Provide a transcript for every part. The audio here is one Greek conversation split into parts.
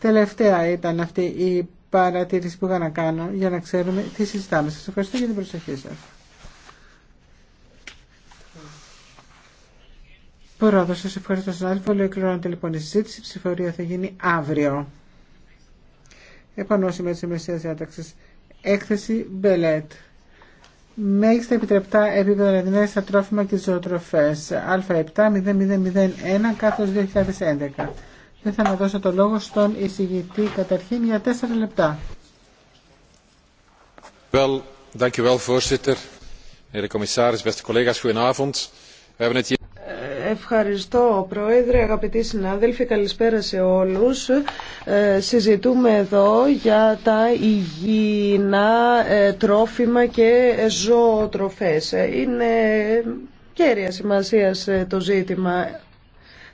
Τελευταία ήταν αυτή η παρατήρηση που είχα να κάνω για να ξέρουμε τι συζητάμε. Σας ευχαριστώ για την προσοχή σας. Πρόεδρο, σας ευχαριστώ στον Πολύ Ολοκληρώνεται λοιπόν η συζήτηση. Η ψηφορία θα γίνει αύριο. με τη ημερησία διάταξη. Έκθεση Μπελέτ. Μέγιστα επιτρεπτά επίπεδα να δινέσει στα τρόφιμα και τι ζωοτροφέ. 0001 2011. Θα να δώσω το λόγο στον εισηγητή καταρχήν για τέσσερα λεπτά. Well, ε, Ευχαριστώ, Πρόεδρε, αγαπητοί συνάδελφοι, καλησπέρα σε όλους. Ε, συζητούμε εδώ για τα υγιεινά ε, τρόφιμα και ζωοτροφές. Ε, είναι κέρια σημασία ε, το ζήτημα.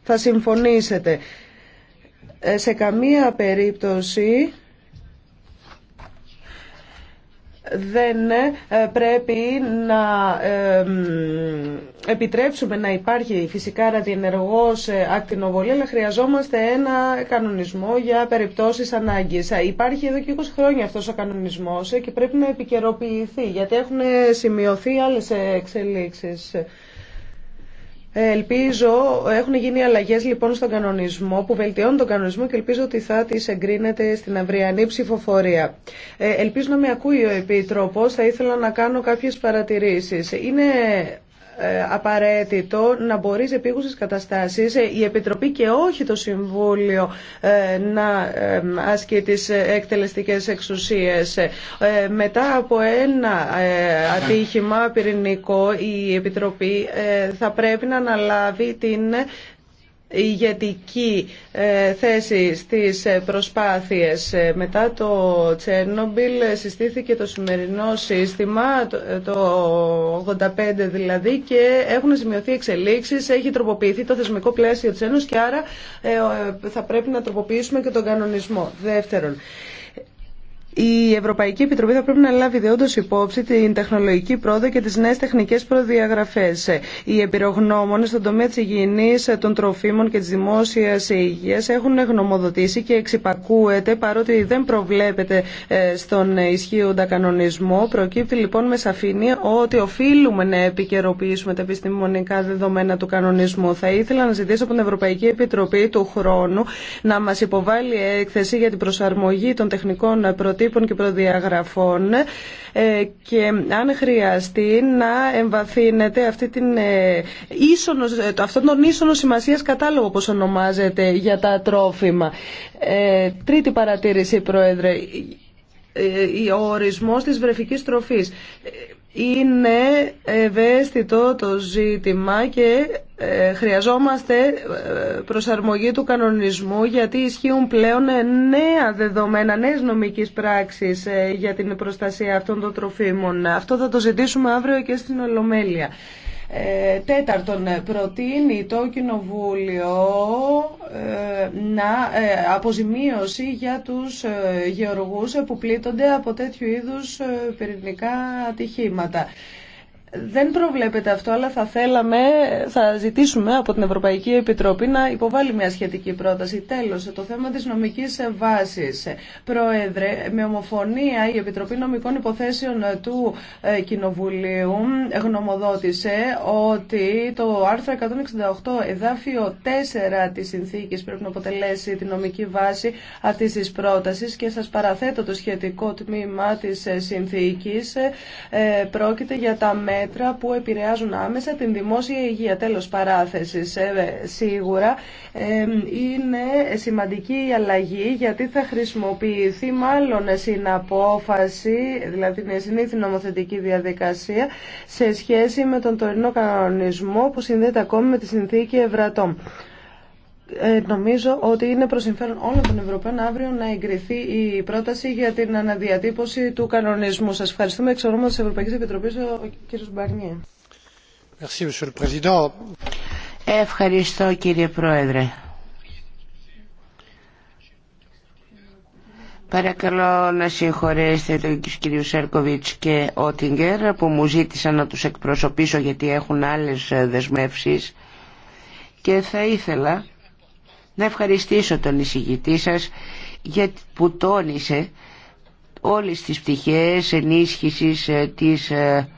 Θα συμφωνήσετε. Ε, σε καμία περίπτωση δεν ε, πρέπει να ε, επιτρέψουμε να υπάρχει φυσικά ραδιενεργός ακτινοβολία, αλλά χρειαζόμαστε ένα κανονισμό για περιπτώσεις ανάγκης. Υπάρχει εδώ και 20 χρόνια αυτός ο κανονισμός και πρέπει να επικαιροποιηθεί, γιατί έχουν σημειωθεί άλλες εξελίξεις. Ελπίζω, έχουν γίνει αλλαγές λοιπόν στον κανονισμό που βελτιώνουν τον κανονισμό και ελπίζω ότι θα τις εγκρίνεται στην αυριανή ψηφοφορία. Ε, ελπίζω να με ακούει ο Επίτροπος, θα ήθελα να κάνω κάποιες παρατηρήσεις. Είναι ε, απαραίτητο να μπορεί σε επίγουσες καταστάσεις ε, η Επιτροπή και όχι το Συμβούλιο ε, να ασκεί τις εκτελεστικές εξουσίες. Μετά από ένα ατύχημα πυρηνικό η Επιτροπή θα πρέπει να αναλάβει την ηγετική ε, θέση στις ε, προσπάθειες. Ε, μετά το Τσέρνομπιλ συστήθηκε το σημερινό σύστημα, το 85 δηλαδή, και έχουν σημειωθεί εξελίξεις, έχει τροποποιηθεί το θεσμικό πλαίσιο της Ένωσης και άρα θα πρέπει να τροποποιήσουμε και τον κανονισμό. Δεύτερον, η Ευρωπαϊκή Επιτροπή θα πρέπει να λάβει διόντως υπόψη την τεχνολογική πρόοδο και τις νέες τεχνικές προδιαγραφές. Οι εμπειρογνώμονες στον τομέα της υγιεινής, των τροφίμων και της δημόσιας υγείας έχουν γνωμοδοτήσει και εξυπακούεται παρότι δεν προβλέπεται ε, στον ισχύοντα κανονισμό. Προκύπτει λοιπόν με σαφήνεια ότι οφείλουμε να επικαιροποιήσουμε τα επιστημονικά δεδομένα του κανονισμού. Θα ήθελα να ζητήσω από την Ευρωπαϊκή Επιτροπή του χρόνου να μας υποβάλει έκθεση για την προσαρμογή των τεχνικών προτύπων προτύπων και προδιαγραφών ε, και αν χρειαστεί να εμβαθύνεται αυτή την, ε, ίσονος, ε, αυτόν τον ίσονο σημασίας κατάλογο όπως ονομάζεται για τα τρόφιμα. τρίτη παρατήρηση, Πρόεδρε, ο ορισμός της βρεφικής τροφής. Είναι ευαίσθητο το ζήτημα και ε, χρειαζόμαστε ε, προσαρμογή του κανονισμού γιατί ισχύουν πλέον νέα δεδομένα, νέες νομικές πράξεις ε, για την προστασία αυτών των τροφίμων. Αυτό θα το ζητήσουμε αύριο και στην Ολομέλεια. Ε, τέταρτον, προτείνει το Κοινοβούλιο ε, να ε, αποζημίωση για τους γεωργούς που πλήττονται από τέτοιου είδους πυρηνικά ατυχήματα. Δεν προβλέπεται αυτό, αλλά θα θέλαμε, θα ζητήσουμε από την Ευρωπαϊκή Επιτροπή να υποβάλει μια σχετική πρόταση. Τέλος, το θέμα της νομικής βάσης. Πρόεδρε, με ομοφωνία η Επιτροπή Νομικών Υποθέσεων του ε, Κοινοβουλίου γνωμοδότησε ότι το άρθρο 168 εδάφιο 4 της συνθήκης πρέπει να αποτελέσει τη νομική βάση αυτής της πρότασης και σας παραθέτω το σχετικό τμήμα της ε, συνθήκης. Ε, πρόκειται για τα που επηρεάζουν άμεσα την δημόσια υγεία. Τέλος παράθεσης, ε, σίγουρα είναι σημαντική η αλλαγή γιατί θα χρησιμοποιηθεί μάλλον συναπόφαση, δηλαδή είναι συνήθινη νομοθετική διαδικασία σε σχέση με τον τωρινό κανονισμό που συνδέεται ακόμη με τη συνθήκη Ευρατών. Ε, νομίζω ότι είναι προ συμφέρον όλων των Ευρωπαίων αύριο να εγκριθεί η πρόταση για την αναδιατύπωση του κανονισμού. Σα ευχαριστούμε εξ ονόματο τη Ευρωπαϊκή Επιτροπή, ο κ. Μπαρνιέ. Ευχαριστώ κύριε Πρόεδρε. Παρακαλώ να συγχωρέσετε τον κύριο Σέρκοβιτς και Ότιγκερ που μου ζήτησαν να τους εκπροσωπήσω γιατί έχουν άλλες ε, δεσμεύσεις και θα ήθελα να ευχαριστήσω τον εισηγητή σας γιατί που τόνισε όλες τις πτυχές ενίσχυσης ε, της, ε,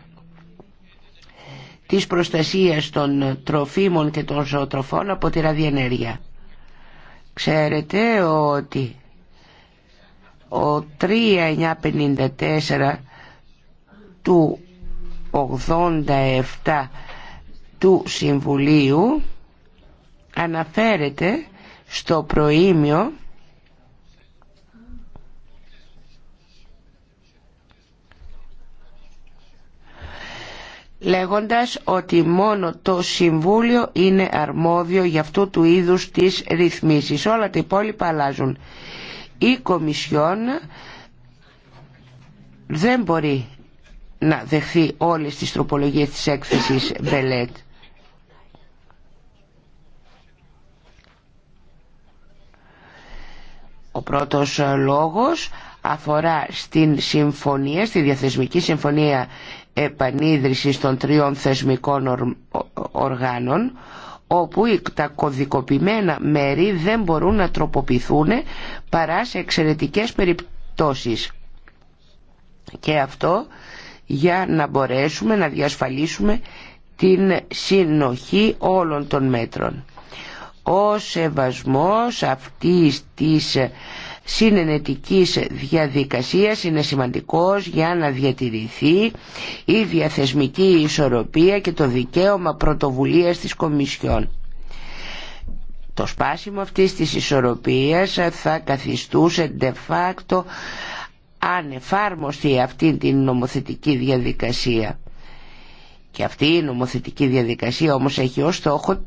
της προστασίας των τροφίμων και των ζωοτροφών από τη ραδιενέργεια. Ξέρετε ότι ο 3954 του 87 του Συμβουλίου αναφέρεται στο προήμιο λέγοντας ότι μόνο το Συμβούλιο είναι αρμόδιο για αυτού του είδους της ρυθμίσεις. Όλα τα υπόλοιπα αλλάζουν. Η Κομισιόν δεν μπορεί να δεχθεί όλες τις τροπολογίες της έκθεσης Μπελέτ. Ο πρώτος ε, λόγος αφορά στην συμφωνία, στη διαθεσμική συμφωνία επανίδρυσης των τριών θεσμικών οργάνων όπου τα κωδικοποιημένα μέρη δεν μπορούν να τροποποιηθούν παρά σε εξαιρετικές περιπτώσεις. Και αυτό για να μπορέσουμε να διασφαλίσουμε την συνοχή όλων των μέτρων ο σεβασμός αυτής της συνενετικής διαδικασίας είναι σημαντικός για να διατηρηθεί η διαθεσμική ισορροπία και το δικαίωμα πρωτοβουλίας της Κομισιόν. Το σπάσιμο αυτής της ισορροπίας θα καθιστούσε de facto ανεφάρμοστη αυτή την νομοθετική διαδικασία. Και αυτή η νομοθετική διαδικασία όμως έχει ως στόχο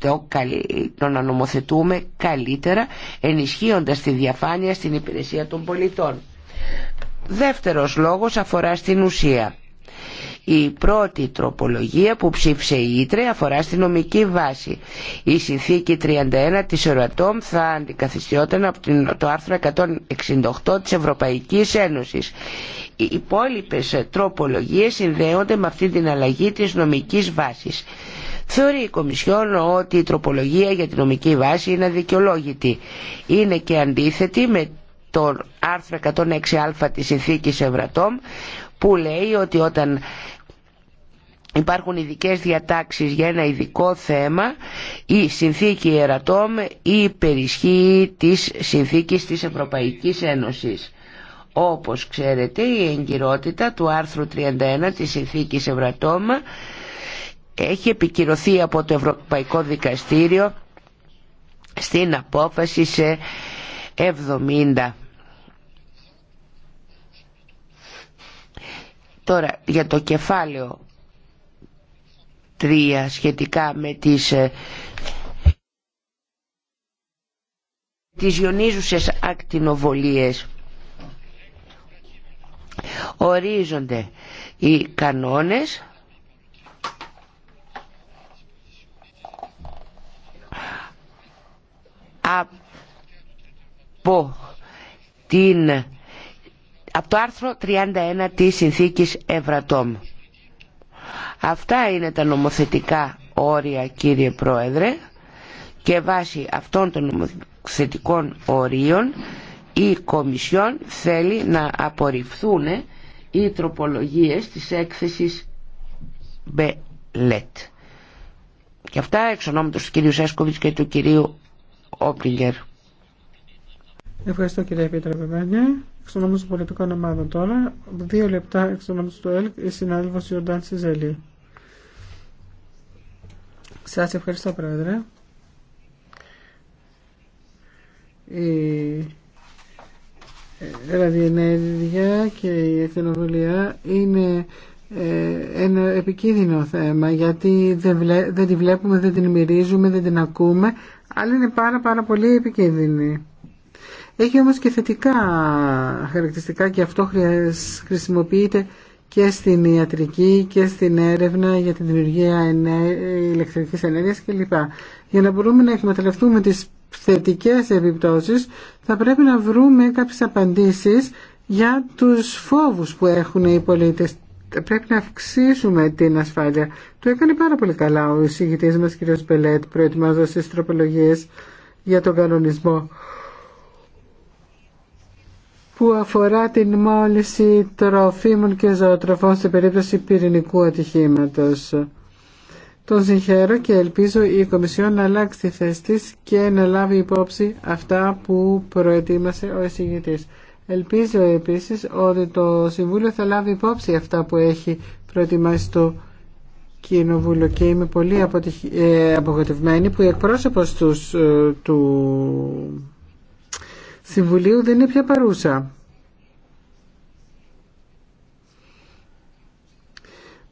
το να νομοθετούμε καλύτερα ενισχύοντας τη διαφάνεια στην υπηρεσία των πολιτών. Δεύτερος λόγος αφορά στην ουσία. Η πρώτη τροπολογία που ψήφισε η Ήτρε αφορά στη νομική βάση. Η συνθήκη 31 της ΕΡΟΑΤΟΜ θα αντικαθιστιόταν από το άρθρο 168 της Ευρωπαϊκής Ένωσης. Οι υπόλοιπες τροπολογίες συνδέονται με αυτή την αλλαγή της νομικής βάσης. Θεωρεί η Κομισιόν ότι η τροπολογία για τη νομική βάση είναι αδικαιολόγητη. Είναι και αντίθετη με το άρθρο 106α της συνθήκης Ευρατόμ που λέει ότι όταν υπάρχουν ειδικέ διατάξεις για ένα ειδικό θέμα η συνθήκη Ερατόμ υπερισχύει της συνθήκης της Ευρωπαϊκής Ένωσης. Όπως ξέρετε η εγκυρότητα του άρθρου 31 της συνθήκης ΕΡΑΤΟΜ έχει επικυρωθεί από το Ευρωπαϊκό Δικαστήριο στην απόφαση σε 70 Τώρα για το κεφάλαιο 3 σχετικά με τις, ε, τις ακτινοβολίες ορίζονται οι κανόνες από την από το άρθρο 31 της συνθήκης Ευρατόμ. Αυτά είναι τα νομοθετικά όρια κύριε Πρόεδρε και βάσει αυτών των νομοθετικών ορίων η Κομισιόν θέλει να απορριφθούν οι τροπολογίες της έκθεσης Μπελέτ. Και αυτά εξ ονόματος του κυρίου Σέσκοβιτς και του κυρίου Όπλιγκερ. Ευχαριστώ κύριε Πίτρα Μπένια. Εξ στο των πολιτικών τώρα, δύο λεπτά εξ ονόμου του ΕΛΚ, η συνάδελφο Ιωντάν Σιζέλη. Σα ευχαριστώ πρόεδρε. Η ραδιενέργεια και η εκτενοβουλία είναι ε, ένα επικίνδυνο θέμα γιατί δεν, τη βλέπουμε, δεν την μυρίζουμε, δεν την ακούμε αλλά είναι πάρα πάρα πολύ επικίνδυνη. Έχει όμως και θετικά χαρακτηριστικά και αυτό χρησιμοποιείται και στην ιατρική και στην έρευνα για την δημιουργία ηλεκτρικής ενέργειας κλπ. Για να μπορούμε να εκμεταλλευτούμε τις θετικές επιπτώσεις θα πρέπει να βρούμε κάποιες απαντήσεις για τους φόβους που έχουν οι πολίτες. Πρέπει να αυξήσουμε την ασφάλεια. Το έκανε πάρα πολύ καλά ο εισηγητής μας κ. Πελέτ προετοιμάζοντας τις τροπολογίες για τον κανονισμό που αφορά την μόλυση τροφίμων και ζωοτροφών σε περίπτωση πυρηνικού ατυχήματος. Τον συγχαίρω και ελπίζω η Κομισιόν να αλλάξει τη θέση της και να λάβει υπόψη αυτά που προετοίμασε ο εισηγητής. Ελπίζω επίσης ότι το Συμβούλιο θα λάβει υπόψη αυτά που έχει προετοιμάσει το Κοινοβούλιο και είμαι πολύ ε, απογοητευμένη που η εκπρόσωπος ε, του του Συμβουλίου δεν είναι πια παρούσα.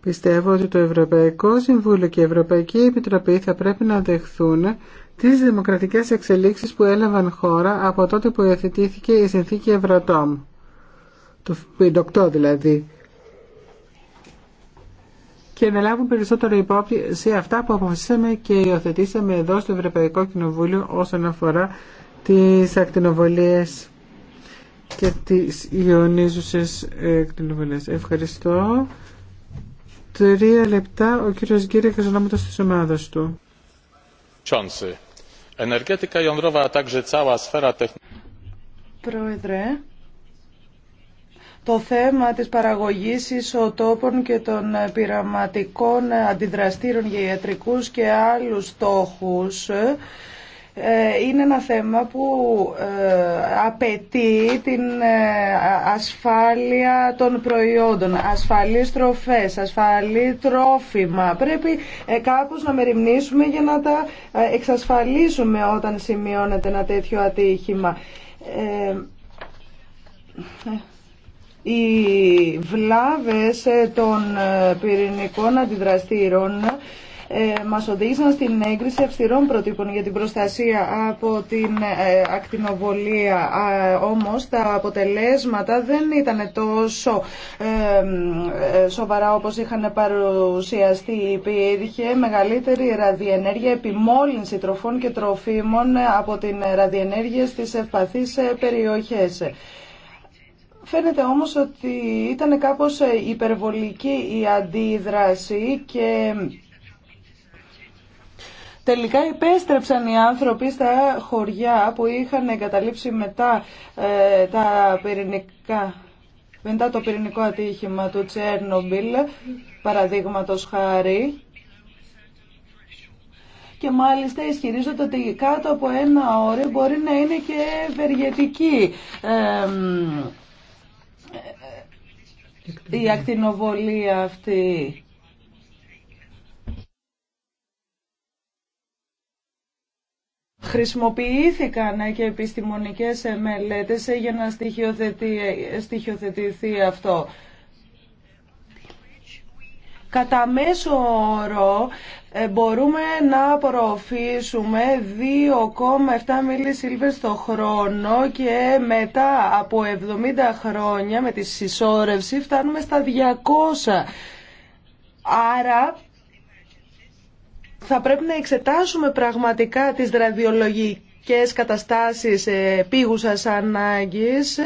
Πιστεύω ότι το Ευρωπαϊκό Συμβούλιο και η Ευρωπαϊκή Επιτροπή θα πρέπει να δεχθούν τις δημοκρατικές εξελίξεις που έλαβαν χώρα από τότε που υιοθετήθηκε η συνθήκη Ευρωτόμ, το 58 δηλαδή, και να λάβουν περισσότερο υπόψη σε αυτά που αποφασίσαμε και υιοθετήσαμε εδώ στο Ευρωπαϊκό Κοινοβούλιο όσον αφορά τις ακτινοβολίες και τις ιονίζουσες ε, ακτινοβολίες. Ευχαριστώ. Τρία λεπτά ο κύριος Γκύρια Καζονάματος της ομάδας του. Πρόεδρε, το θέμα της παραγωγής ισοτόπων και των πειραματικών αντιδραστήρων για ιατρικούς και άλλους στόχους ε, είναι ένα θέμα που ε, απαιτεί την ε, ασφάλεια των προϊόντων, ασφαλείς τροφές, ασφαλή τρόφιμα. Πρέπει κάπως να μεριμνήσουμε για να τα εξασφαλίσουμε όταν σημειώνεται ένα τέτοιο ατύχημα. Οι βλάβες των πυρηνικών αντιδραστήρων ε, μας οδήγησαν στην έγκριση αυστηρών προτύπων για την προστασία από την ε, ακτινοβολία. Όμως τα αποτελέσματα δεν ήταν τόσο ε, σοβαρά όπως είχαν παρουσιαστεί. Υπήρχε μεγαλύτερη ραδιενέργεια, επιμόλυνση τροφών και τροφίμων από την ραδιενέργεια στις ευπαθείς περιοχές. Φαίνεται όμως ότι ήταν κάπως υπερβολική η αντίδραση και Τελικά επέστρεψαν οι άνθρωποι στα χωριά που είχαν εγκαταλείψει μετά ε, τα πυρηνικά μετά το πυρηνικό ατύχημα του Τσέρνομπιλ, παραδείγματος χάρη, και μάλιστα ισχυρίζονται ότι κάτω από ένα όριο μπορεί να είναι και ευεργετική ε, ε, η ακτινοβολία αυτή. Χρησιμοποιήθηκαν ε, και επιστημονικές ε, μελέτες ε, για να στοιχειοθετηθεί αυτό. Κατά μέσο όρο μπορούμε να απορροφήσουμε 2,7 μίλι το χρόνο και μετά από 70 χρόνια με τη συσσόρευση φτάνουμε στα 200. Άρα θα πρέπει να εξετάσουμε πραγματικά τις ραδιολογικές καταστάσεις ε, πήγουσας ανάγκης,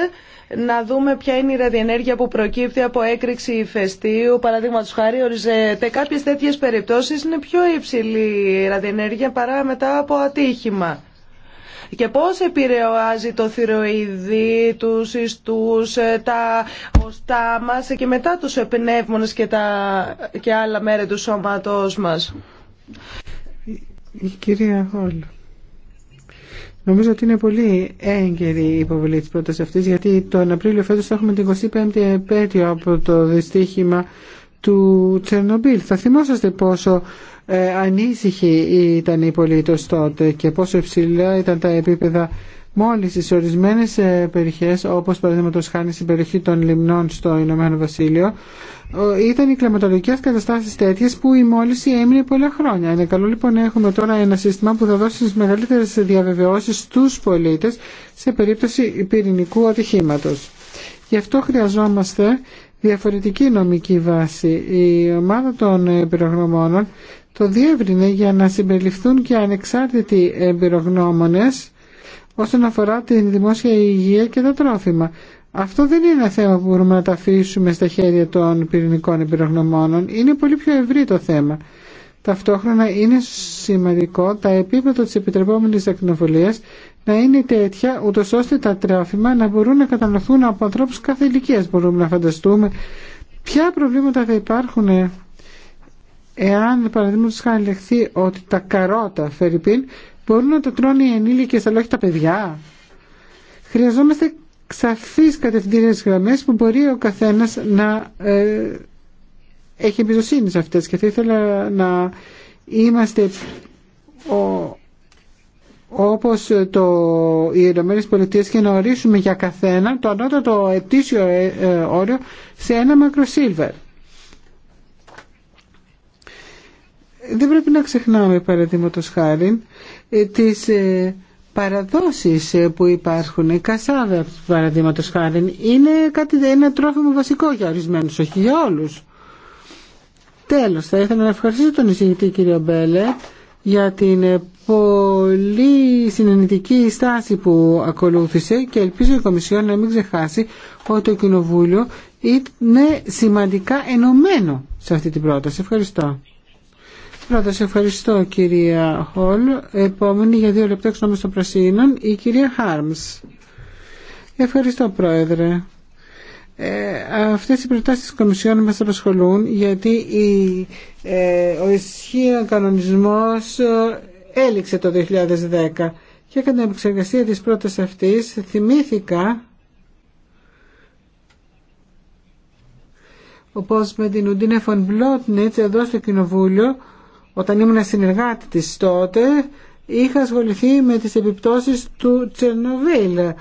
να δούμε ποια είναι η ραδιενέργεια που προκύπτει από έκρηξη ηφαιστείου. του χάρη, οριζεται κάποιε τέτοιε περιπτώσει είναι πιο υψηλή η ραδιενέργεια παρά μετά από ατύχημα. Και πώς επηρεάζει το θηροειδή, του ιστούς, ε, τα οστά μας ε, και μετά τους επνεύμονες και, τα... και άλλα μέρη του σώματό μα. Η κυρία Χόλ. Νομίζω ότι είναι πολύ έγκαιρη η υποβολή τη πρότασης αυτής γιατί τον Απρίλιο φέτος θα έχουμε την 25η επέτειο από το δυστύχημα του Τσερνομπίλ. Θα θυμόσαστε πόσο ε, ανήσυχοι ήταν οι πολίτες τότε και πόσο υψηλά ήταν τα επίπεδα Μόλι σε ορισμένε ε, περιοχέ, όπω παραδείγματο χάνει στην περιοχή των λιμνών στο Ηνωμένο Βασίλειο, ήταν οι κλαματολογικέ καταστάσει τέτοιε που η μόλυνση έμεινε πολλά χρόνια. Είναι καλό λοιπόν να έχουμε τώρα ένα σύστημα που θα δώσει τι μεγαλύτερε διαβεβαιώσει στου πολίτε σε περίπτωση πυρηνικού ατυχήματο. Γι' αυτό χρειαζόμαστε διαφορετική νομική βάση. Η ομάδα των πυρογνωμόνων το διεύρυνε για να συμπεριληφθούν και ανεξάρτητοι εμπειρογνώμονες όσον αφορά τη δημόσια υγεία και τα τρόφιμα. Αυτό δεν είναι ένα θέμα που μπορούμε να τα αφήσουμε στα χέρια των πυρηνικών εμπειρογνωμόνων. Είναι πολύ πιο ευρύ το θέμα. Ταυτόχρονα είναι σημαντικό τα επίπεδα της επιτρεπόμενης ακτινοβολίας να είναι τέτοια ούτως ώστε τα τρόφιμα να μπορούν να καταναλωθούν από ανθρώπους κάθε ηλικία. Μπορούμε να φανταστούμε ποια προβλήματα θα υπάρχουν εάν παραδείγματος χάρη λεχθεί ότι τα καρότα φερρυπίν Μπορούν να το τρώνε οι ενήλικες αλλά όχι τα παιδιά. Χρειαζόμαστε σαφείς κατευθυντήριες γραμμές που μπορεί ο καθένας να ε, έχει εμπιστοσύνη σε αυτές και θα ήθελα να είμαστε ο, όπως το, οι Ηνωμένες Πολιτείες και να ορίσουμε για καθένα το ανώτατο ετήσιο ε, ε, όριο σε ένα μακροσίλβερ. Δεν πρέπει να ξεχνάμε παραδείγματος χάρη ε, τις ε, παραδόσεις ε, που υπάρχουν, η κασάδα παραδείγματο χάρη, είναι κάτι, ένα τρόφιμο βασικό για ορισμένους, όχι για όλους. Τέλος, θα ήθελα να ευχαριστήσω τον εισηγητή κύριο Μπέλε για την πολύ συνεννητική στάση που ακολούθησε και ελπίζω η Κομισιόν να μην ξεχάσει ότι το Κοινοβούλιο είναι σημαντικά ενωμένο σε αυτή την πρόταση. Ευχαριστώ. Πρώτα, σε ευχαριστώ κυρία Χολ. Επόμενη για δύο λεπτά εξ των Πρασίνων, η κυρία Χάρμς. Ευχαριστώ πρόεδρε. Ε, αυτές οι προτάσεις τη Κομισιόν μα απασχολούν γιατί η, ε, ο ισχύων κανονισμό ε, έληξε το 2010 και κατά την επεξεργασία της πρώτης αυτής θυμήθηκα όπως με την Ουντίνε Φον Μπλότνιτς εδώ στο Κοινοβούλιο όταν ήμουν συνεργάτη της τότε, είχα ασχοληθεί με τις επιπτώσεις του Τσερνοβίλ.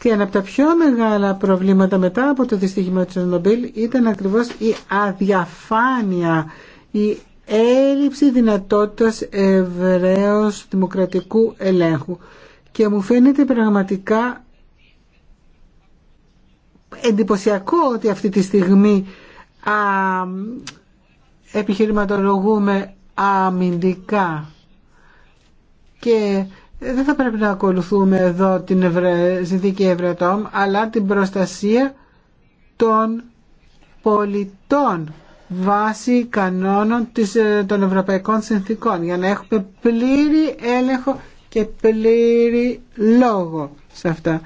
Και ένα από τα πιο μεγάλα προβλήματα μετά από το δυστύχημα του Τσερνοβίλ ήταν ακριβώς η αδιαφάνεια, η έλλειψη δυνατότητας ευρέως δημοκρατικού ελέγχου. Και μου φαίνεται πραγματικά εντυπωσιακό ότι αυτή τη στιγμή α, επιχειρηματολογούμε αμυντικά και δεν θα πρέπει να ακολουθούμε εδώ την συνθήκη Ευρετόμ αλλά την προστασία των πολιτών βάσει κανόνων ε, των ευρωπαϊκών συνθήκων για να έχουμε πλήρη έλεγχο και πλήρη λόγο σε αυτά.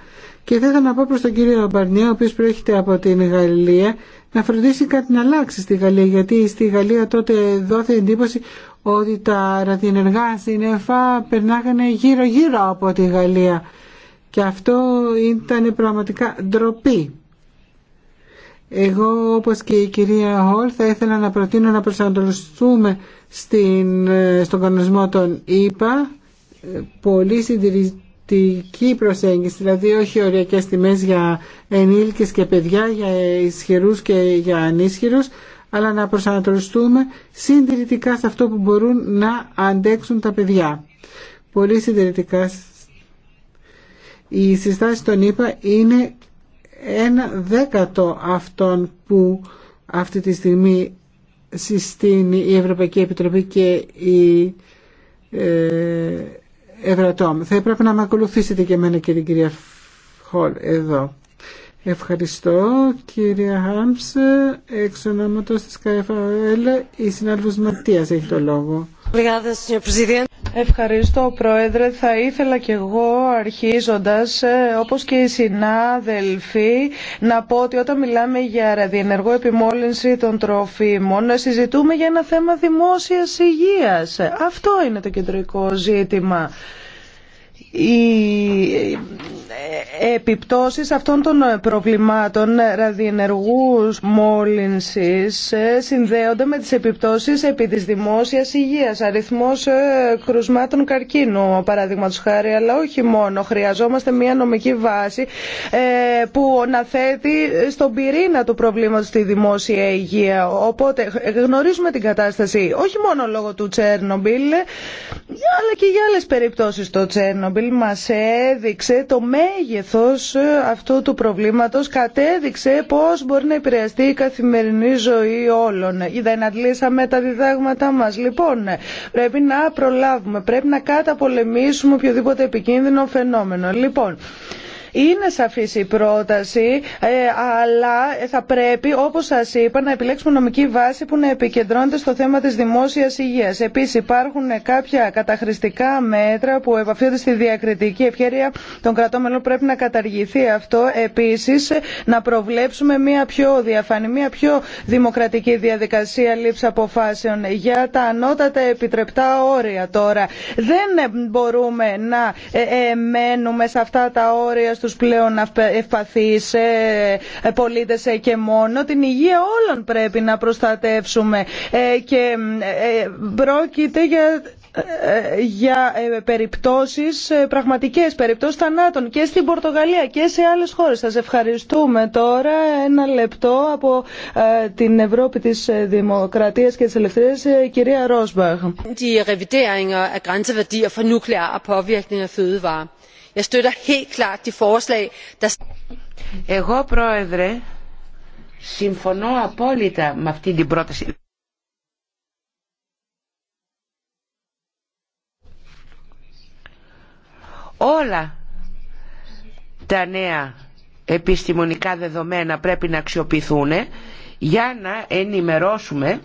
Και θέλω να πω προς τον κύριο Μπαρνιέ, ο οποίος προέρχεται από την Γαλλία, να φροντίσει κάτι να αλλάξει στη Γαλλία γιατί στη Γαλλία τότε δόθηκε εντύπωση ότι τα ραδιενεργά σύννεφα περνάγανε γύρω γύρω από τη Γαλλία και αυτό ήταν πραγματικά ντροπή. Εγώ όπως και η κυρία Χολ θα ήθελα να προτείνω να προσανατολιστούμε ε, στον κανονισμό των ΙΠΑ ε, πολύ συντηρητικό πρακτική προσέγγιση, δηλαδή όχι οριακές τιμές για ενήλικες και παιδιά, για ισχυρούς και για ανίσχυρους, αλλά να προσανατολιστούμε συντηρητικά σε αυτό που μπορούν να αντέξουν τα παιδιά. Πολύ συντηρητικά. η συστάση των ΗΠΑ είναι ένα δέκατο αυτών που αυτή τη στιγμή συστήνει η Ευρωπαϊκή Επιτροπή και η ε, Ευρατόμ. Θα έπρεπε να με ακολουθήσετε και εμένα και κυρία Χολ εδώ. Ευχαριστώ κυρία Χάμψ, εξ ονόματος της ΚΑΕΦΑΟΕΛ, η συνάδελφος Ματίας έχει το λόγο. Ευχαριστώ Πρόεδρε. Θα ήθελα και εγώ αρχίζοντας ε, όπως και οι συνάδελφοι να πω ότι όταν μιλάμε για ραδιενεργό επιμόλυνση των τροφίμων να συζητούμε για ένα θέμα δημόσιας υγείας. Αυτό είναι το κεντρικό ζήτημα. Ε, επιπτώσεις αυτών των προβλημάτων ραδιενεργούς μόλυνσης ε, συνδέονται με τις επιπτώσεις επί της δημόσιας υγείας. Αριθμός ε, κρουσμάτων καρκίνου, παραδείγματος χάρη, αλλά όχι μόνο. Χρειαζόμαστε μια νομική βάση που να θέτει στον πυρήνα του προβλήματος τη δημόσια υγεία. Οπότε γνωρίζουμε την κατάσταση όχι μόνο λόγω του Τσέρνομπιλ, αλλά και για άλλες περιπτώσεις το Τσέρνομπιλ μας έδειξε το μέγεθος ε, αυτού του προβλήματος κατέδειξε πώς μπορεί να επηρεαστεί η καθημερινή ζωή όλων. Δεν αντλήσαμε τα διδάγματά μας. Λοιπόν, πρέπει να προλάβουμε, πρέπει να καταπολεμήσουμε οποιοδήποτε επικίνδυνο φαινόμενο. Λοιπόν, είναι σαφής η πρόταση, ε, αλλά θα πρέπει, όπως σας είπα, να επιλέξουμε νομική βάση που να επικεντρώνεται στο θέμα της δημόσιας υγεία. Επίσης, υπάρχουν κάποια καταχρηστικά μέτρα που επαφίονται στη διακριτική ευχαίρεια των κρατών Πρέπει να καταργηθεί αυτό. Επίσης, να προβλέψουμε μια πιο διαφανή, μια πιο δημοκρατική διαδικασία λήψη αποφάσεων για τα ανώτατα επιτρεπτά όρια τώρα. Δεν μπορούμε να ε, ε, μένουμε σε αυτά τα όρια τους πλέον ευπαθείς ε, ε, πολίτες ε, και μόνο. Την υγεία όλων πρέπει να προστατεύσουμε και πρόκειται για για περιπτώσεις, πραγματικές περιπτώσεις θανάτων και στην Πορτογαλία και σε άλλες χώρες. Σας ευχαριστούμε τώρα ένα λεπτό από την Ευρώπη της Δημοκρατίας και της Ελευθερίας, κυρία Ρόσμπαχ. Εγώ πρόεδρε συμφωνώ απόλυτα με αυτή την πρόταση. Όλα τα νέα επιστημονικά δεδομένα πρέπει να αξιοποιηθούν για να ενημερώσουμε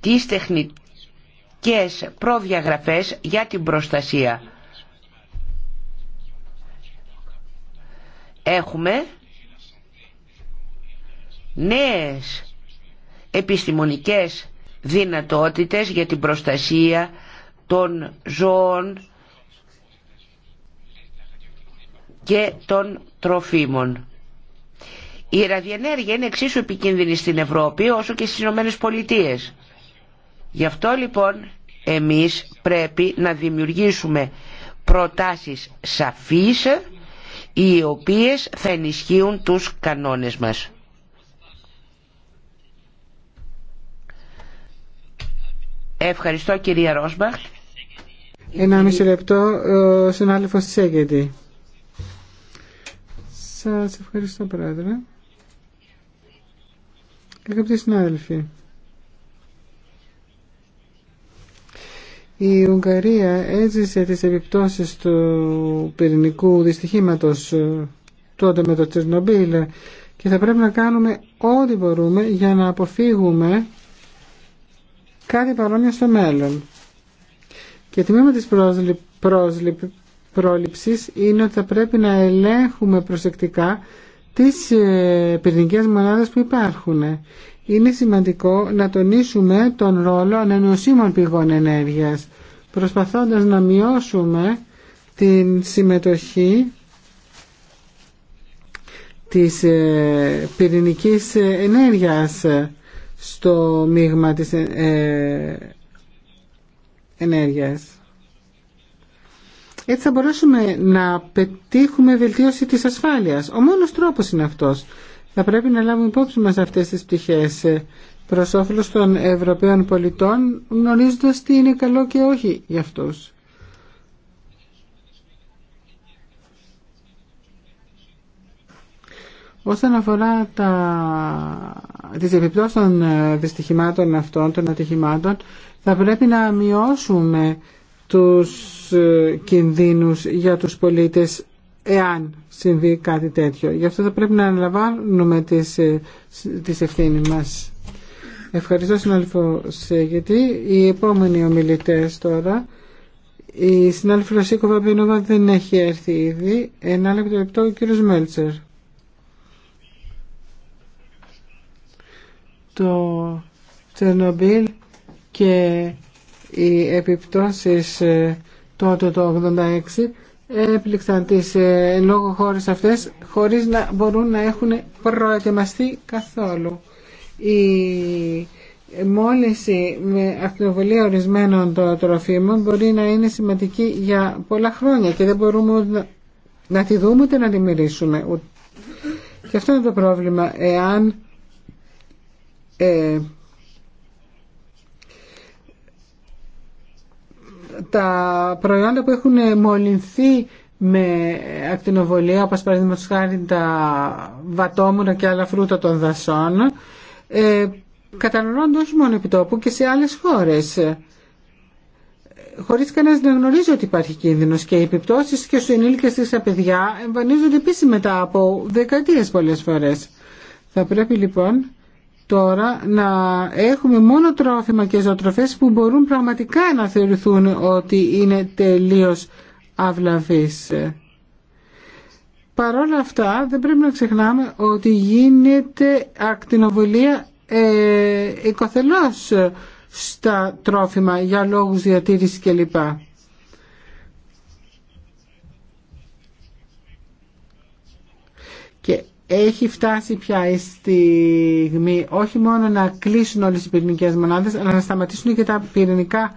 τις τεχνικές ειδικές προδιαγραφές για την προστασία. Έχουμε νέες επιστημονικές δυνατότητες για την προστασία των ζώων και των τροφίμων. Η ραδιενέργεια είναι εξίσου επικίνδυνη στην Ευρώπη όσο και στις Ηνωμένε Πολιτείες. Γι' αυτό λοιπόν εμείς πρέπει να δημιουργήσουμε προτάσεις σαφείς οι οποίες θα ενισχύουν τους κανόνες μας. Ευχαριστώ κυρία Ρόσμπαχ. Ένα μισή λεπτό, ο συνάδελφος Τσέγκεντη. Σας ευχαριστώ πρόεδρε. Αγαπητοί συνάδελφοι, Η Ουγγαρία έζησε τις επιπτώσεις του πυρηνικού δυστυχήματος ε, τότε με το Τσερνομπίλ ε, και θα πρέπει να κάνουμε ό,τι μπορούμε για να αποφύγουμε κάτι παρόμοιο στο μέλλον. Και τμήμα της πρόσληψης πρόληψης είναι ότι θα πρέπει να ελέγχουμε προσεκτικά τις ε, πυρηνικές μονάδες που υπάρχουν είναι σημαντικό να τονίσουμε τον ρόλο ανανεωσίμων πηγών ενέργειας, προσπαθώντας να μειώσουμε την συμμετοχή της ε, πυρηνικής ενέργειας στο μείγμα της ε, ε, ενέργειας. Έτσι θα μπορέσουμε να πετύχουμε βελτίωση της ασφάλειας. Ο μόνος τρόπος είναι αυτός. Θα πρέπει να λάβουμε υπόψη μας αυτές τις πτυχές προς όφελος των Ευρωπαίων πολιτών γνωρίζοντας τι είναι καλό και όχι για αυτούς. Όσον αφορά τα... τις επιπτώσεις των ε, δυστυχημάτων αυτών, των ατυχημάτων, θα πρέπει να μειώσουμε τους ε, κινδύνους για τους πολίτες εάν συμβεί κάτι τέτοιο. Γι' αυτό θα πρέπει να αναλαμβάνουμε τις, ε, τις ευθύνες μας. Ευχαριστώ συνάδελφο γιατί Οι επόμενοι ομιλητές τώρα. Η συνάδελφο Ρωσίκο Βαμπίνοβα δεν έχει έρθει ήδη. Ένα λεπτό λεπτό ο κύριος Μέλτσερ. Το Τσερνομπίλ και οι επιπτώσεις ε, τότε το 86 έπληξαν τις ε, λόγω χώρες αυτές χωρίς να μπορούν να έχουν προετοιμαστεί καθόλου. Η μόλυνση με ακτινοβολία ορισμένων των τροφίμων μπορεί να είναι σημαντική για πολλά χρόνια και δεν μπορούμε να τη δούμε ούτε να τη μυρίσουμε. Και αυτό είναι το πρόβλημα. Εάν ε, τα προϊόντα που έχουν μολυνθεί με ακτινοβολία, όπως παραδείγματο χάρη τα βατόμουρα και άλλα φρούτα των δασών, ε, όχι μόνο επιτόπου και σε άλλες χώρες. Χωρίς κανένας να γνωρίζει ότι υπάρχει κίνδυνος και οι επιπτώσεις και στους ενήλικες και στα παιδιά εμφανίζονται επίσης μετά από δεκαετίες πολλές φορές. Θα πρέπει λοιπόν τώρα να έχουμε μόνο τρόφιμα και ζωοτροφές που μπορούν πραγματικά να θεωρηθούν ότι είναι τελείως αυλαβείς. Παρ' όλα αυτά δεν πρέπει να ξεχνάμε ότι γίνεται ακτινοβολία ε, οικοθελώς στα τρόφιμα για λόγους διατήρησης κλπ. Και έχει φτάσει πια η στιγμή όχι μόνο να κλείσουν όλες οι πυρηνικές μονάδες αλλά να σταματήσουν και τα πυρηνικά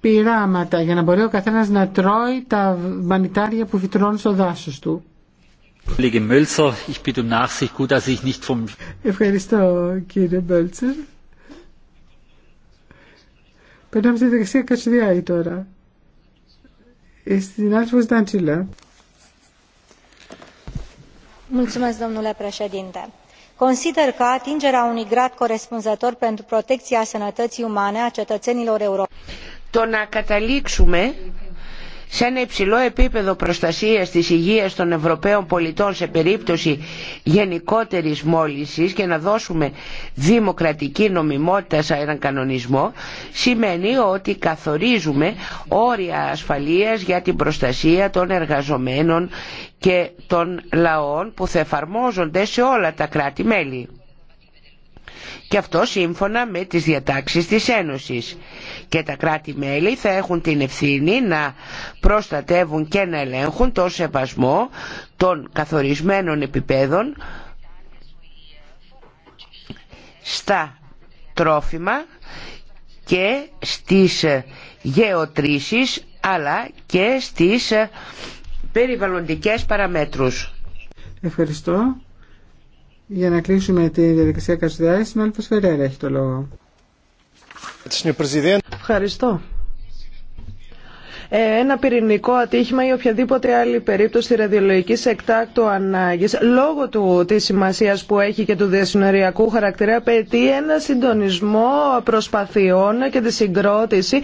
πειράματα για να μπορεί ο καθένας να τρώει τα μανιτάρια που φυτρώνουν στο δάσος του. Um Ευχαριστώ κύριε Μπέλτσερ. Περνάμε στη δεξιά Κασουδιάη τώρα. Ε, στην άλφος Ντάντσιλα consider că atingerea unui grad corespunzător pentru protecia sănătăii umane a cetăenilor europeni σε ένα υψηλό επίπεδο προστασίας της υγείας των Ευρωπαίων πολιτών σε περίπτωση γενικότερης μόλυσης και να δώσουμε δημοκρατική νομιμότητα σε έναν κανονισμό σημαίνει ότι καθορίζουμε όρια ασφαλείας για την προστασία των εργαζομένων και των λαών που θα εφαρμόζονται σε όλα τα κράτη-μέλη. Και αυτό σύμφωνα με τις διατάξεις της Ένωσης. Και τα κράτη-μέλη θα έχουν την ευθύνη να προστατεύουν και να ελέγχουν το σεβασμό των καθορισμένων επιπέδων στα τρόφιμα και στις γεωτρήσεις αλλά και στις περιβαλλοντικές παραμέτρους. Ευχαριστώ. Για να κλείσουμε τη διαδικασία Καρσδάης, Μέλπος Φεραίρα έχει το λόγο. Ευχαριστώ. Ε, ένα πυρηνικό ατύχημα ή οποιαδήποτε άλλη περίπτωση ραδιολογική εκτάκτου ανάγκη λόγω του, της που έχει και του διασυνοριακού χαρακτήρα απαιτεί ένα συντονισμό προσπαθειών και τη συγκρότηση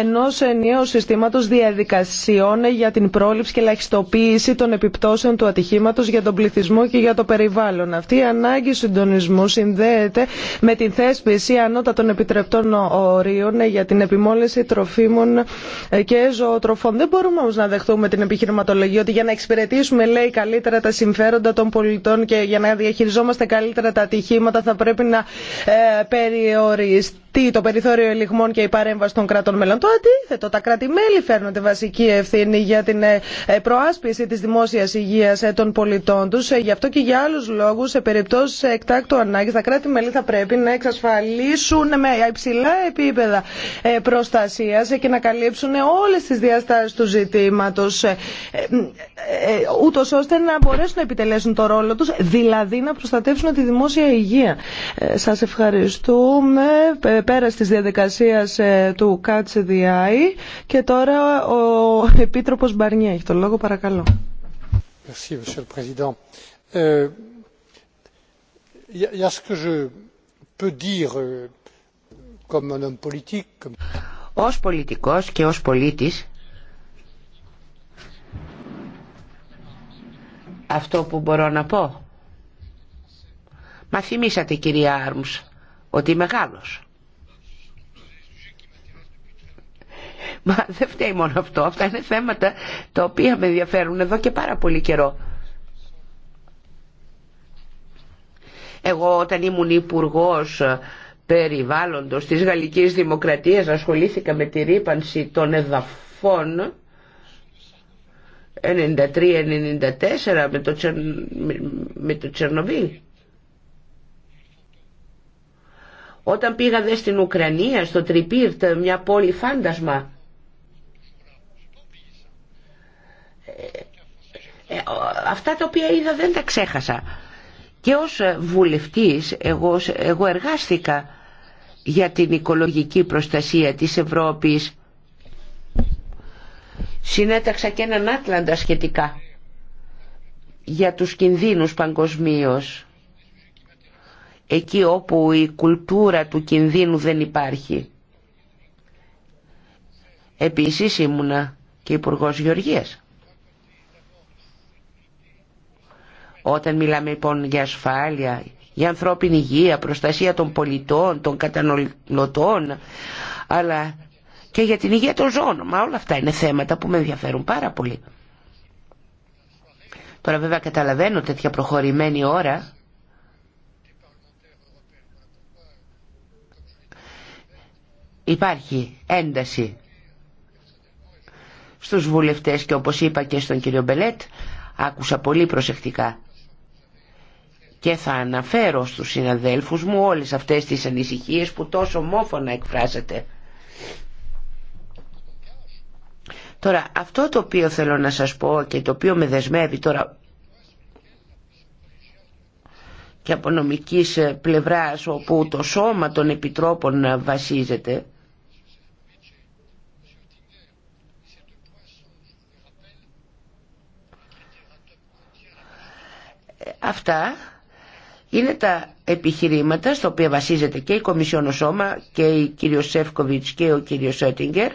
ενός ενιαίου συστήματο διαδικασιών για την πρόληψη και ελαχιστοποίηση των επιπτώσεων του ατυχήματο για τον πληθυσμό και για το περιβάλλον. Αυτή η ανάγκη συντονισμού συνδέεται με την θέσπιση ανώτατων επιτρεπτών ορίων για την επιμόλυνση τροφίμων και ζωοτροφών. Δεν μπορούμε όμω να δεχτούμε την επιχειρηματολογία ότι για να εξυπηρετήσουμε, λέει, καλύτερα τα συμφέροντα των πολιτών και για να διαχειριζόμαστε καλύτερα τα ατυχήματα θα πρέπει να ε, περιοριστεί το περιθώριο ελιγμών και η παρέμβαση των κρατών μελών. Το αντίθετο, τα κράτη-μέλη τη βασική ευθύνη για την ε, ε, προάσπιση τη δημόσια υγεία των πολιτών του. Γι' αυτό και για άλλου λόγου, σε περιπτώσει εκτάκτου ανάγκη, τα κράτη-μέλη θα πρέπει να εξασφαλίσουν με υψηλά επίπεδα προστασία και να καλύψουν όλε τις διαστάσεις του ζητήματος ε, ε, ε, ούτως ώστε να μπορέσουν να επιτελέσουν το ρόλο τους, δηλαδή να προστατεύσουν τη δημόσια υγεία. Σας ευχαριστούμε. Πέρα της διαδικασίας του ΚΑΤΣΕΔΙΑΗ και τώρα ο Επίτροπος Μπαρνιέ έχει το λόγο παρακαλώ. Merci, ως πολιτικός και ως πολίτης αυτό που μπορώ να πω. Μα θυμήσατε κυρία Άρμς ότι είμαι Μα δεν φταίει μόνο αυτό. Αυτά είναι θέματα τα οποία με ενδιαφέρουν εδώ και πάρα πολύ καιρό. Εγώ όταν ήμουν Υπουργός περιβάλλοντος της Γαλλικής Δημοκρατίας ασχολήθηκα με τη ρήπανση των εδαφών 93-94 με το, Τσερνοβίλ. Όταν πήγα δε στην Ουκρανία, στο Τριπίρτ, μια πόλη φάντασμα, ε, ε, ε αυτά τα οποία είδα δεν τα ξέχασα. Και ως βουλευτής εγώ, εγώ εργάστηκα για την οικολογική προστασία της Ευρώπης. Συνέταξα και έναν Άτλαντα σχετικά για τους κινδύνους παγκοσμίω. Εκεί όπου η κουλτούρα του κινδύνου δεν υπάρχει. Επίσης ήμουνα και υπουργό Γεωργίας. Όταν μιλάμε λοιπόν για ασφάλεια, για ανθρώπινη υγεία, προστασία των πολιτών, των καταναλωτών, αλλά και για την υγεία των ζώων. Μα όλα αυτά είναι θέματα που με ενδιαφέρουν πάρα πολύ. Τώρα βέβαια καταλαβαίνω τέτοια προχωρημένη ώρα. Υπάρχει ένταση στους βουλευτές και όπως είπα και στον κύριο Μπελέτ, άκουσα πολύ προσεκτικά και θα αναφέρω στους συναδέλφους μου όλες αυτές τις ανησυχίες που τόσο μόφωνα εκφράσατε. Τώρα αυτό το οποίο θέλω να σας πω και το οποίο με δεσμεύει τώρα και από νομικής πλευράς όπου το σώμα των επιτρόπων βασίζεται αυτά είναι τα επιχειρήματα στα οποία βασίζεται και η Κομισιόν Σώμα και η κύριος Σεύκοβιτς και ο κύριος Σότιγκερ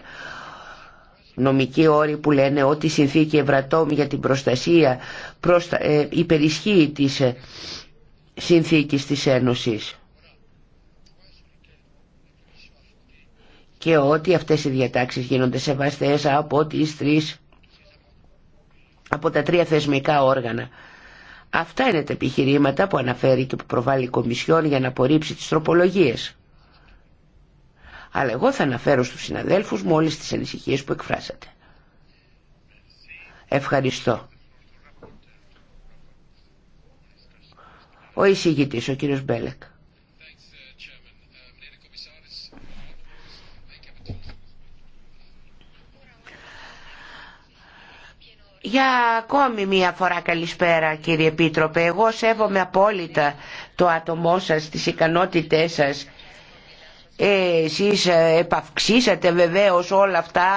νομικοί όροι που λένε ότι η συνθήκη Ευρατόμ για την προστασία προστα... ε, υπερισχύει της ε, συνθήκης της Ένωσης και ότι αυτές οι διατάξεις γίνονται σεβαστές από τις τρεις από τα τρία θεσμικά όργανα. Αυτά είναι τα επιχειρήματα που αναφέρει και που προβάλλει η Κομισιόν για να απορρίψει τις τροπολογίες. Αλλά εγώ θα αναφέρω στους συναδέλφους μου όλες τις ανησυχίες που εκφράσατε. Ευχαριστώ. Ο εισηγητής, ο κύριος Μπέλεκ. Για ακόμη μία φορά καλησπέρα κύριε Επίτροπε. Εγώ σέβομαι απόλυτα το άτομό σας, τις ικανότητές σας. Ε, εσείς επαυξήσατε βεβαίως όλα αυτά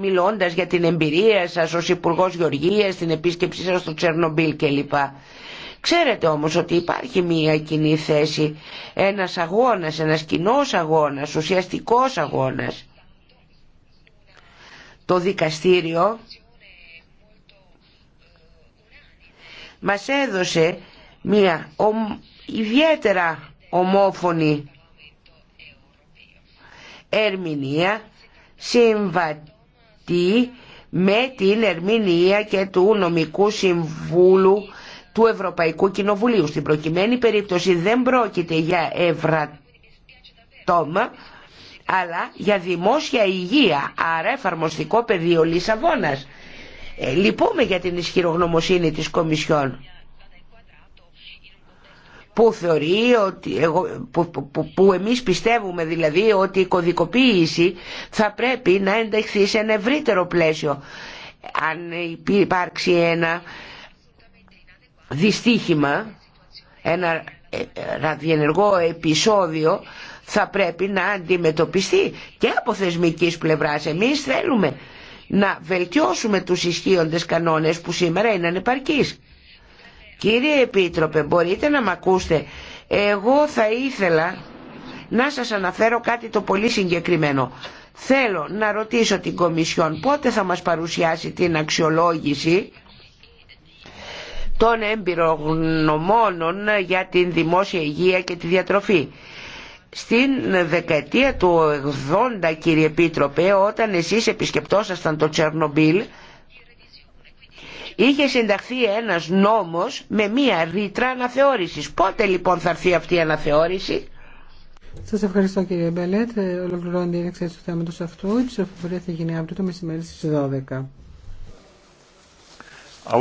μιλώντας για την εμπειρία σας ως υπουργό Γεωργίας, την επίσκεψή σας στο Τσερνομπίλ κλπ. Ξέρετε όμως ότι υπάρχει μία κοινή θέση, ένας αγώνας, ένας κοινό αγώνας, ουσιαστικός αγώνας. Το δικαστήριο μας έδωσε μια ιδιαίτερα ομόφωνη ερμηνεία συμβατή με την ερμηνεία και του νομικού συμβούλου του Ευρωπαϊκού Κοινοβουλίου. Στην προκειμένη περίπτωση δεν πρόκειται για ευρατόμα, αλλά για δημόσια υγεία, άρα εφαρμοστικό πεδίο Λισαβόνας. Ε, λυπούμε για την ισχυρογνωμοσύνη της Κομισιόν που θεωρεί ότι εγώ, που, που, που, εμείς πιστεύουμε δηλαδή ότι η κωδικοποίηση θα πρέπει να ενταχθεί σε ένα ευρύτερο πλαίσιο αν υπάρξει ένα δυστύχημα ένα ε, ραδιενεργό επεισόδιο θα πρέπει να αντιμετωπιστεί και από θεσμικής πλευράς εμείς θέλουμε να βελτιώσουμε τους ισχύοντες κανόνες που σήμερα είναι ανεπαρκείς. Κύριε Επίτροπε, μπορείτε να με ακούσετε. Εγώ θα ήθελα να σας αναφέρω κάτι το πολύ συγκεκριμένο. Θέλω να ρωτήσω την Κομισιόν πότε θα μας παρουσιάσει την αξιολόγηση των εμπειρογνωμόνων για την δημόσια υγεία και τη διατροφή στην δεκαετία του 80 κύριε Επίτροπε όταν εσείς επισκεπτόσασταν το Τσερνομπίλ είχε συνταχθεί ένας νόμος με μία ρήτρα αναθεώρησης. Πότε λοιπόν θα έρθει αυτή η αναθεώρηση? Σας ευχαριστώ κύριε Μπελέτ. Ε, Ολοκληρώνεται την εξέλιξη του θέματος αυτού. Η ψηφοφορία θα γίνει αύριο το μεσημέρι στις 12.